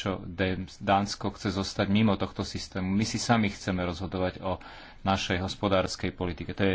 prečo Dánsko chce zostať mimo tohto systému. My si sami chceme rozhodovať o našej hospodárskej politike. To je